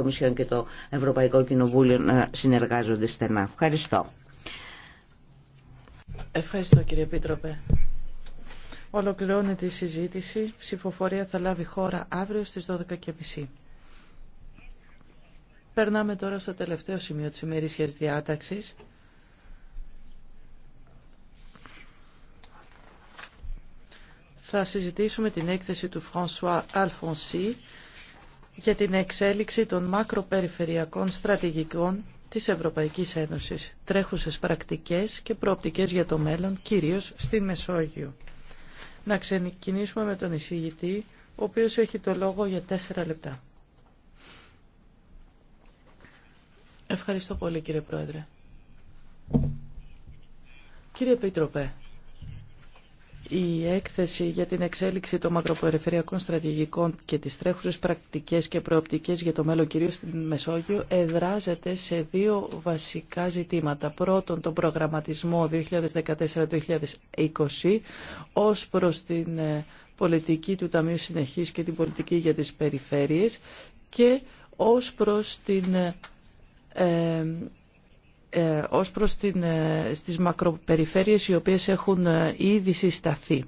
Κομισιόν και το Ευρωπαϊκό Κοινοβούλιο να συνεργάζονται στενά. Ευχαριστώ. Ευχαριστώ κύριε Επίτροπε. Ολοκληρώνεται η συζήτηση. Ψηφοφορία θα λάβει χώρα αύριο στις 12.30. Περνάμε τώρα στο τελευταίο σημείο της ημερήσιας διάταξης. Θα συζητήσουμε την έκθεση του François Αλφονσί για την εξέλιξη των μακροπεριφερειακών στρατηγικών της Ευρωπαϊκής Ένωσης, τρέχουσες πρακτικές και προοπτικές για το μέλλον, κυρίως στη Μεσόγειο. Να ξεκινήσουμε με τον εισηγητή, ο οποίος έχει το λόγο για τέσσερα λεπτά. Ευχαριστώ πολύ κύριε Πρόεδρε. Κύριε Πίτροπε, η έκθεση για την εξέλιξη των μακροπεριφερειακών στρατηγικών και τις τρέχουσες πρακτικές και προοπτικές για το μέλλον κυρίως στην Μεσόγειο εδράζεται σε δύο βασικά ζητήματα. Πρώτον, τον προγραμματισμό 2014-2020 ως προς την ε, πολιτική του Ταμείου Συνεχής και την πολιτική για τις περιφέρειες και ως προς την ε, ε, ε, ως προς την, ε, στις μακροπεριφέρειες οι οποίες έχουν ε, ήδη συσταθεί.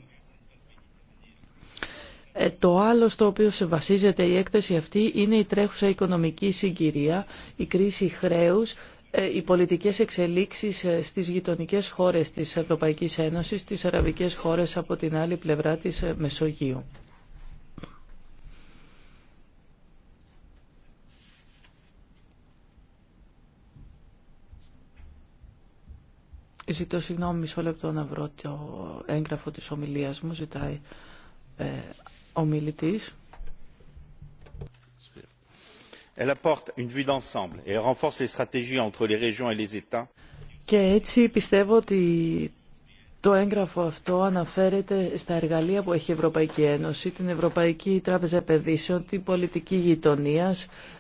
Το άλλο στο οποίο σε βασίζεται η έκθεση αυτή είναι η τρέχουσα οικονομική συγκυρία, η κρίση χρέους, οι πολιτικές εξελίξεις στις γειτονικές χώρες της Ευρωπαϊκής Ένωσης, στις αραβικές χώρες από την άλλη πλευρά της Μεσογείου. Ζητώ συγγνώμη μισό λεπτό να βρω το έγγραφο της ομιλίας μου, ζητάει ε, ομιλητής. Elle Και έτσι πιστεύω ότι το έγγραφο αυτό αναφέρεται στα εργαλεία που έχει η Ευρωπαϊκή Ένωση, την Ευρωπαϊκή Τράπεζα Επενδύσεων, την πολιτική γειτονία,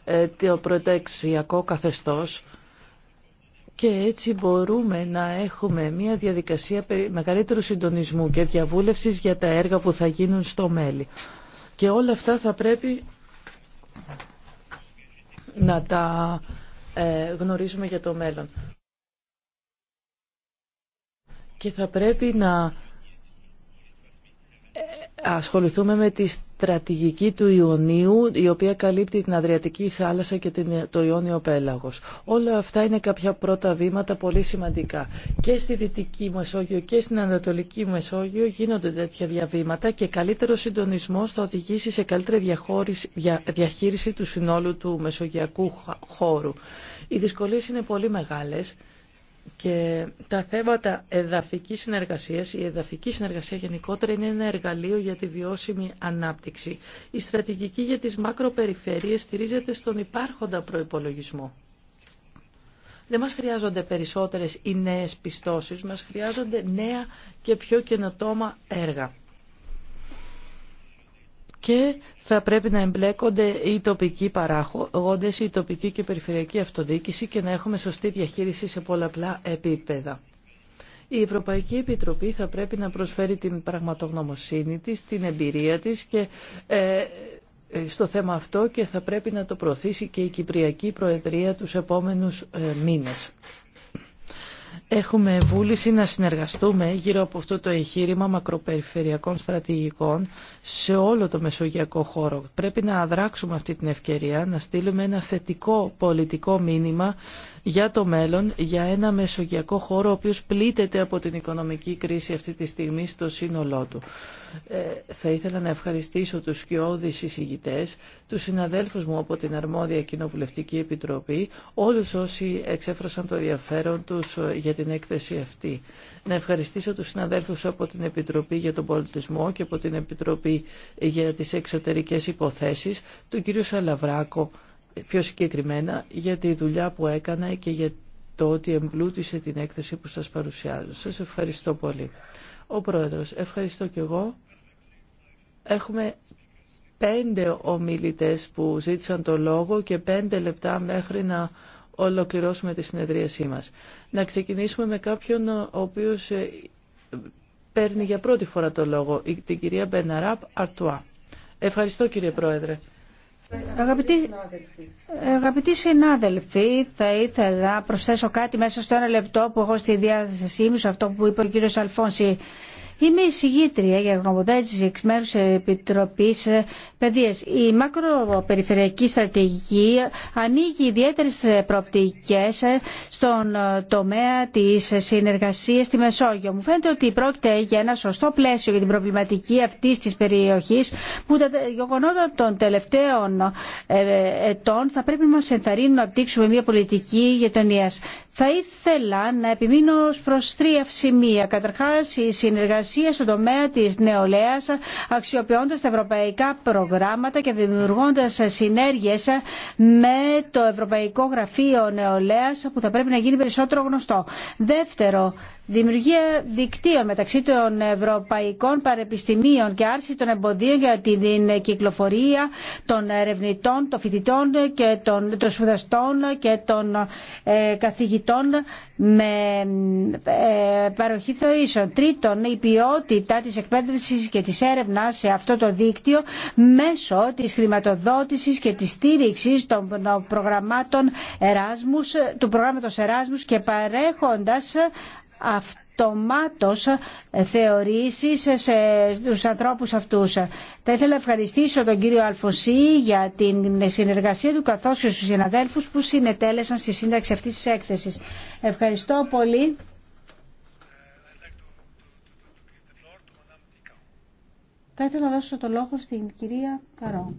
ε, το προτεξιακό καθεστώς και έτσι μπορούμε να έχουμε μια διαδικασία μεγαλύτερου συντονισμού και διαβούλευσης για τα έργα που θα γίνουν στο μέλη. Και όλα αυτά θα πρέπει να τα ε, γνωρίζουμε για το μέλλον. Και θα πρέπει να ασχοληθούμε με τη στρατηγική του Ιωνίου, η οποία καλύπτει την Αδριατική θάλασσα και το Ιόνιο Πέλαγος. Όλα αυτά είναι κάποια πρώτα βήματα πολύ σημαντικά. Και στη Δυτική Μεσόγειο και στην Ανατολική Μεσόγειο γίνονται τέτοια διαβήματα και καλύτερο συντονισμό θα οδηγήσει σε καλύτερη διαχείριση του συνόλου του μεσογειακού χώρου. Οι δυσκολίες είναι πολύ μεγάλες και τα θέματα εδαφικής συνεργασίας, η εδαφική συνεργασία γενικότερα είναι ένα εργαλείο για τη βιώσιμη ανάπτυξη. Η στρατηγική για τις μακροπεριφέρειες στηρίζεται στον υπάρχοντα προϋπολογισμό. Δεν μας χρειάζονται περισσότερες ή νέες πιστώσεις, μας χρειάζονται νέα και πιο καινοτόμα έργα και θα πρέπει να εμπλέκονται οι τοπικοί παράγοντες, η τοπική και περιφερειακή αυτοδιοίκηση και να έχουμε σωστή διαχείριση σε πολλαπλά επίπεδα. Η Ευρωπαϊκή Επιτροπή θα πρέπει να προσφέρει την πραγματογνωμοσύνη της, την εμπειρία της και ε, στο θέμα αυτό και θα πρέπει να το προωθήσει και η Κυπριακή Προεδρία τους επόμενους ε, μήνες. Έχουμε βούληση να συνεργαστούμε γύρω από αυτό το εγχείρημα μακροπεριφερειακών στρατηγικών σε όλο το μεσογειακό χώρο. Πρέπει να αδράξουμε αυτή την ευκαιρία, να στείλουμε ένα θετικό πολιτικό μήνυμα για το μέλλον, για ένα μεσογειακό χώρο ο οποίος πλήττεται από την οικονομική κρίση αυτή τη στιγμή στο σύνολό του. Ε, θα ήθελα να ευχαριστήσω τους σκιώδεις εισηγητές, τους συναδέλφους μου από την Αρμόδια Κοινοβουλευτική Επιτροπή, όλους όσοι εξέφρασαν το ενδιαφέρον τους ε, για την την έκθεση αυτή. Να ευχαριστήσω τους συναδέλφους από την Επιτροπή για τον Πολιτισμό και από την Επιτροπή για τις Εξωτερικές Υποθέσεις, τον κύριο Σαλαβράκο πιο συγκεκριμένα για τη δουλειά που έκανα και για το ότι εμπλούτησε την έκθεση που σας παρουσιάζω. Σας ευχαριστώ πολύ. Ο Πρόεδρος, ευχαριστώ και εγώ. Έχουμε πέντε ομιλητές που ζήτησαν το λόγο και πέντε λεπτά μέχρι να ολοκληρώσουμε τη συνεδρίασή μας. Να ξεκινήσουμε με κάποιον ο οποίος ε, παίρνει για πρώτη φορά το λόγο, την κυρία Μπεναράπ Αρτουά. Ευχαριστώ κύριε Πρόεδρε. Αγαπητοί, αγαπητοί συνάδελφοι, θα ήθελα να προσθέσω κάτι μέσα στο ένα λεπτό που έχω στη διάθεσή μου σε αυτό που είπε ο κύριος Αλφόνση. Είμαι συγγήτρια για γνωμοδότηση εξ μέρου Επιτροπή ε, Παιδεία. Η μακροπεριφερειακή στρατηγική ανοίγει ιδιαίτερε προοπτικέ ε, στον ε, τομέα τη συνεργασία στη Μεσόγειο. Μου φαίνεται ότι πρόκειται για ένα σωστό πλαίσιο για την προβληματική αυτή τη περιοχή που τα γεγονότα των τελευταίων ετών θα πρέπει να μα ενθαρρύνουν να απτύξουμε μια πολιτική γειτονία. Θα ήθελα να επιμείνω προς τρία σημεία. Καταρχάς, η συνεργασία στον τομέα της νεολαίας, αξιοποιώντας τα ευρωπαϊκά προγράμματα και δημιουργώντας συνέργειες με το Ευρωπαϊκό Γραφείο Νεολαίας, που θα πρέπει να γίνει περισσότερο γνωστό. Δεύτερο, Δημιουργία δικτύων μεταξύ των ευρωπαϊκών παρεπιστημίων και άρση των εμποδίων για την κυκλοφορία των ερευνητών, των φοιτητών και των, των σπουδαστών και των ε, καθηγητών με ε, παροχή θεωρήσεων. Τρίτον, η ποιότητα της εκπαίδευσης και της έρευνας σε αυτό το δίκτυο μέσω της χρηματοδότησης και της στήριξης των προγραμμάτων του προγράμματος Εράσμους και παρέχοντας αυτομάτως θεωρήσεις σε τους ανθρώπους αυτούς. Θα ήθελα να ευχαριστήσω τον κύριο Αλφοσί για την συνεργασία του καθώς και στους συναδέλφους που συνετέλεσαν στη σύνταξη αυτής της έκθεσης. Ευχαριστώ πολύ. Θα ήθελα να δώσω το λόγο στην κυρία Καρό.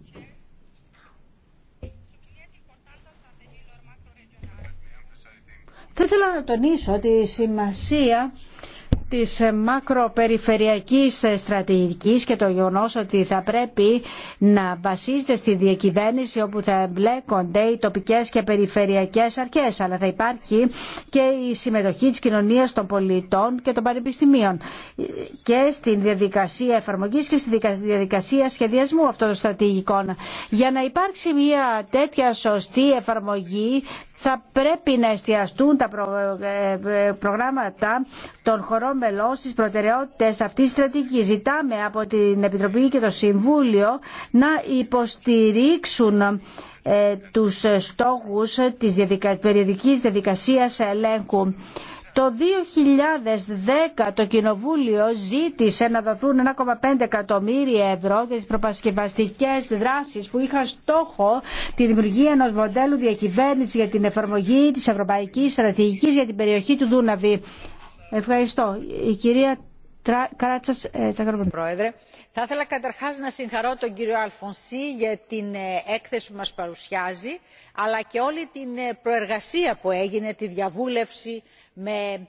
Θα ήθελα να τονίσω τη σημασία της μακροπεριφερειακής στρατηγικής και το γεγονός ότι θα πρέπει να βασίζεται στη διακυβέρνηση όπου θα εμπλέκονται οι τοπικές και περιφερειακές αρχές αλλά θα υπάρχει και η συμμετοχή της κοινωνίας των πολιτών και των πανεπιστημίων και στη διαδικασία εφαρμογής και στη διαδικασία σχεδιασμού αυτών των στρατηγικών για να υπάρξει μια τέτοια σωστή εφαρμογή θα πρέπει να εστιαστούν τα ε, ε, προγράμματα των χωρών μελών στις προτεραιότητες αυτής της στρατηγικής. Ζητάμε από την Επιτροπή και το Συμβούλιο να υποστηρίξουν ε, τους στόχους της περιοδικής διαδικασίας ελέγχου. Το 2010 το Κοινοβούλιο ζήτησε να δοθούν 1,5 εκατομμύρια ευρώ για τις προπασκευαστικές δράσεις που είχαν στόχο τη δημιουργία ενός μοντέλου διακυβέρνησης για την εφαρμογή της Ευρωπαϊκής Στρατηγικής για την περιοχή του Δούναβη. Ευχαριστώ. Η κυρία ε, Πρόεδρε, θα ήθελα καταρχάς να συγχαρώ τον κύριο Αλφονσί για την ε, έκθεση που μας παρουσιάζει, αλλά και όλη την ε, προεργασία που έγινε, τη διαβούλευση με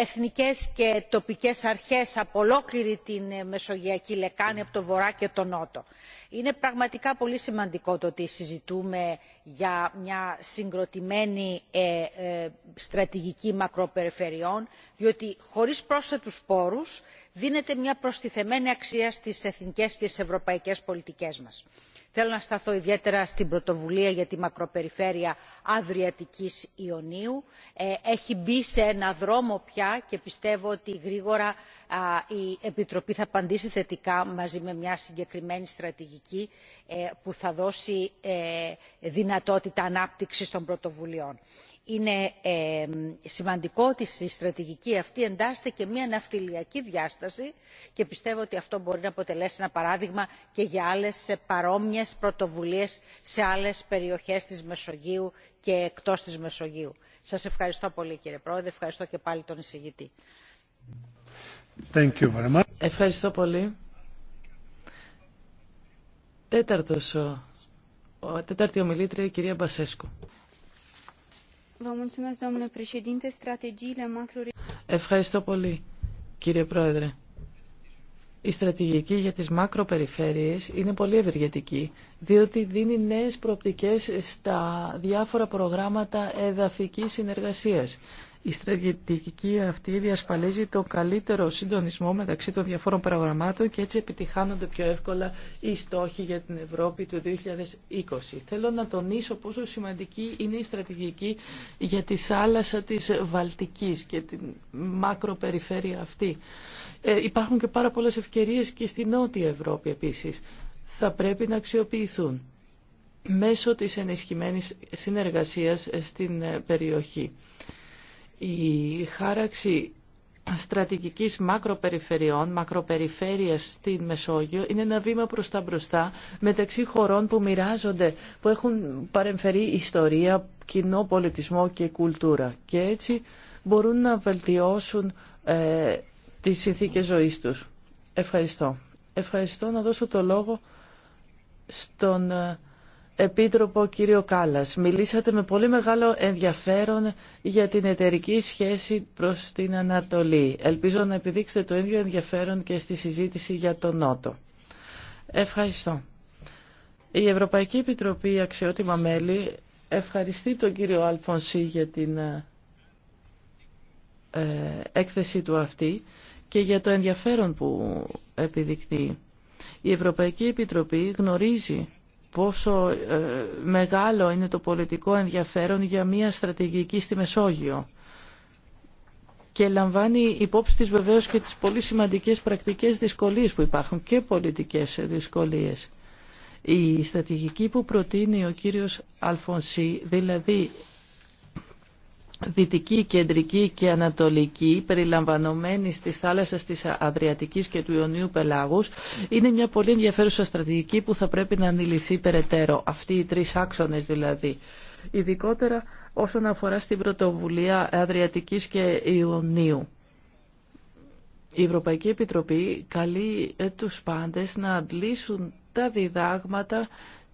εθνικές και τοπικές αρχές από ολόκληρη την μεσογειακή λεκάνη από το βορρά και το νότο. είναι πραγματικά πολύ σημαντικό το ότι συζητούμε για μια συγκροτημένη ε, ε, στρατηγική μακροπεριφερειών διότι χωρίς πρόσθετους πόρους δίνεται μια προστιθεμένη αξία στις εθνικές και στις ευρωπαϊκές πολιτικές μας. Θέλω να σταθώ ιδιαίτερα στην πρωτοβουλία για τη μακροπεριφέρεια Αδριατικής Ιωνίου. Ε, έχει μπει σε ένα δρόμο πια και πιστεύω ότι γρήγορα η Επιτροπή θα απαντήσει θετικά μαζί με μια συγκεκριμένη στρατηγική ε, που θα δώσει ε, δυνατότητα ανάπτυξης των πρωτοβουλειών. Είναι ε, σημαντικό ότι στη στρατηγική αυτή εντάσσεται και μια ναυτιλιακή διάσταση και πιστεύω ότι αυτό μπορεί να αποτελέσει ένα παράδειγμα και για άλλες παρόμοιες πρωτοβουλίες σε άλλες περιοχές της Μεσογείου και εκτός της Μεσογείου. Σας ευχαριστώ πολύ κύριε Πρόεδρε, ευχαριστώ και πάλι τον εισηγητή. Ευχαριστώ πολύ. Τέταρτος, ο, τέταρτη ομιλήτρια, η κυρία Μπασέσκου. Ευχαριστώ πολύ, κύριε Πρόεδρε. Η στρατηγική για τις μακροπεριφέρειες είναι πολύ ευεργετική, διότι δίνει νέες προοπτικές στα διάφορα προγράμματα εδαφικής συνεργασίας. Η στρατηγική αυτή διασφαλίζει το καλύτερο συντονισμό μεταξύ των διαφόρων προγραμμάτων και έτσι επιτυχάνονται πιο εύκολα οι στόχοι για την Ευρώπη του 2020. Θέλω να τονίσω πόσο σημαντική είναι η στρατηγική για τη θάλασσα της Βαλτικής και την μακροπεριφέρεια αυτή. Ε, υπάρχουν και πάρα πολλές ευκαιρίες και στη Νότια Ευρώπη επίσης. Θα πρέπει να αξιοποιηθούν μέσω της ενισχυμένης συνεργασίας στην ε, περιοχή. Η χάραξη στρατηγικής μακροπεριφερειών, μακροπεριφέρειας στην Μεσόγειο είναι ένα βήμα προς τα μπροστά μεταξύ χωρών που μοιράζονται, που έχουν παρεμφερεί ιστορία, κοινό πολιτισμό και κουλτούρα και έτσι μπορούν να βελτιώσουν ε, τις συνθήκες ζωής τους. Ευχαριστώ. Ευχαριστώ να δώσω το λόγο στον ε, Επίτροπο κύριο Κάλλας, μιλήσατε με πολύ μεγάλο ενδιαφέρον για την εταιρική σχέση προς την Ανατολή. Ελπίζω να επιδείξετε το ίδιο ενδιαφέρον και στη συζήτηση για τον Νότο. Ευχαριστώ. Η Ευρωπαϊκή Επιτροπή Αξιότιμα Μέλη ευχαριστεί τον κύριο Αλφονσί για την ε, ε, έκθεση του αυτή και για το ενδιαφέρον που επιδεικνύει. Η Ευρωπαϊκή Επιτροπή γνωρίζει πόσο ε, μεγάλο είναι το πολιτικό ενδιαφέρον για μια στρατηγική στη Μεσόγειο και λαμβάνει υπόψη της βεβαίως και τις πολύ σημαντικές πρακτικές δυσκολίες που υπάρχουν και πολιτικές δυσκολίες. Η στρατηγική που προτείνει ο κύριος Αλφονσί, δηλαδή δυτική, κεντρική και ανατολική, περιλαμβανομένη στι θάλασσε της Αδριατική και του Ιωνίου Πελάγους, είναι μια πολύ ενδιαφέρουσα στρατηγική που θα πρέπει να αντιληφθεί περαιτέρω. Αυτοί οι τρει άξονε δηλαδή. Ειδικότερα όσον αφορά στην πρωτοβουλία Αδριατική και Ιωνίου. Η Ευρωπαϊκή Επιτροπή καλεί τους πάντες να αντλήσουν τα διδάγματα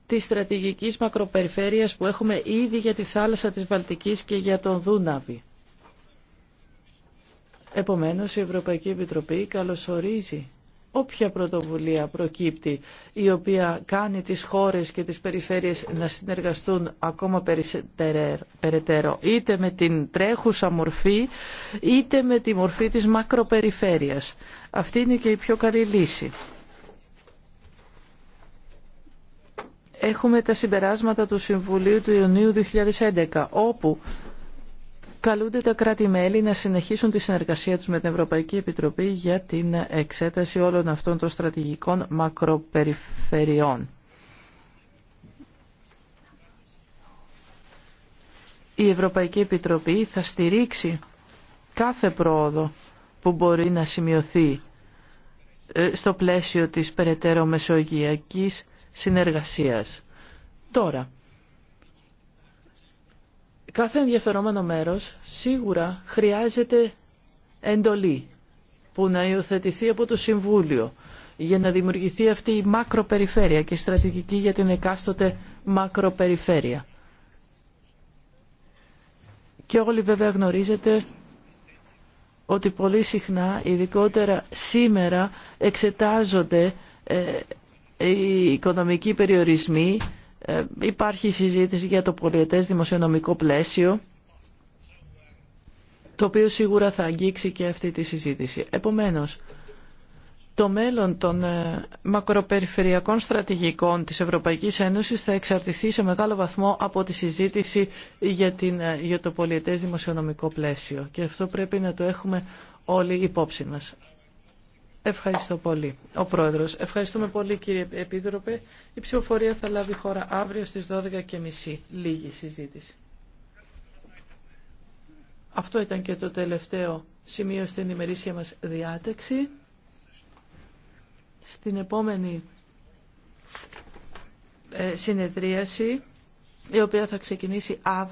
Τη στρατηγικής μακροπεριφέρειας που έχουμε ήδη για τη θάλασσα της Βαλτικής και για τον Δούναβη. Επομένως, η Ευρωπαϊκή Επιτροπή καλωσορίζει όποια πρωτοβουλία προκύπτει η οποία κάνει τις χώρες και τις περιφέρειες να συνεργαστούν ακόμα περαιτέρω είτε με την τρέχουσα μορφή είτε με τη μορφή της μακροπεριφέρειας. Αυτή είναι και η πιο καλή λύση. έχουμε τα συμπεράσματα του Συμβουλίου του Ιουνίου 2011, όπου καλούνται τα κράτη-μέλη να συνεχίσουν τη συνεργασία τους με την Ευρωπαϊκή Επιτροπή για την εξέταση όλων αυτών των στρατηγικών μακροπεριφερειών. Η Ευρωπαϊκή Επιτροπή θα στηρίξει κάθε πρόοδο που μπορεί να σημειωθεί ε, στο πλαίσιο της περαιτέρω μεσογειακής συνεργασίας. Τώρα, κάθε ενδιαφερόμενο μέρος σίγουρα χρειάζεται εντολή που να υιοθετηθεί από το Συμβούλιο για να δημιουργηθεί αυτή η μακροπεριφέρεια και η στρατηγική για την εκάστοτε μακροπεριφέρεια. Και όλοι βέβαια γνωρίζετε ότι πολύ συχνά, ειδικότερα σήμερα, εξετάζονται ε, οι οικονομικοί περιορισμοί, ε, υπάρχει συζήτηση για το πολιετές δημοσιονομικό πλαίσιο, το οποίο σίγουρα θα αγγίξει και αυτή τη συζήτηση. Επομένως, το μέλλον των ε, μακροπεριφερειακών στρατηγικών της Ευρωπαϊκής Ένωσης θα εξαρτηθεί σε μεγάλο βαθμό από τη συζήτηση για, την, ε, για το πολιετές δημοσιονομικό πλαίσιο. Και αυτό πρέπει να το έχουμε όλοι υπόψη μας. Ευχαριστώ πολύ. Ο Πρόεδρος, ευχαριστούμε πολύ κύριε Επίτροπε. Η ψηφοφορία θα λάβει χώρα αύριο στις 12.30. Λίγη συζήτηση. Αυτό ήταν και το τελευταίο σημείο στην ημερήσια μας διάταξη. Στην επόμενη ε, συνεδρίαση, η οποία θα ξεκινήσει αύριο,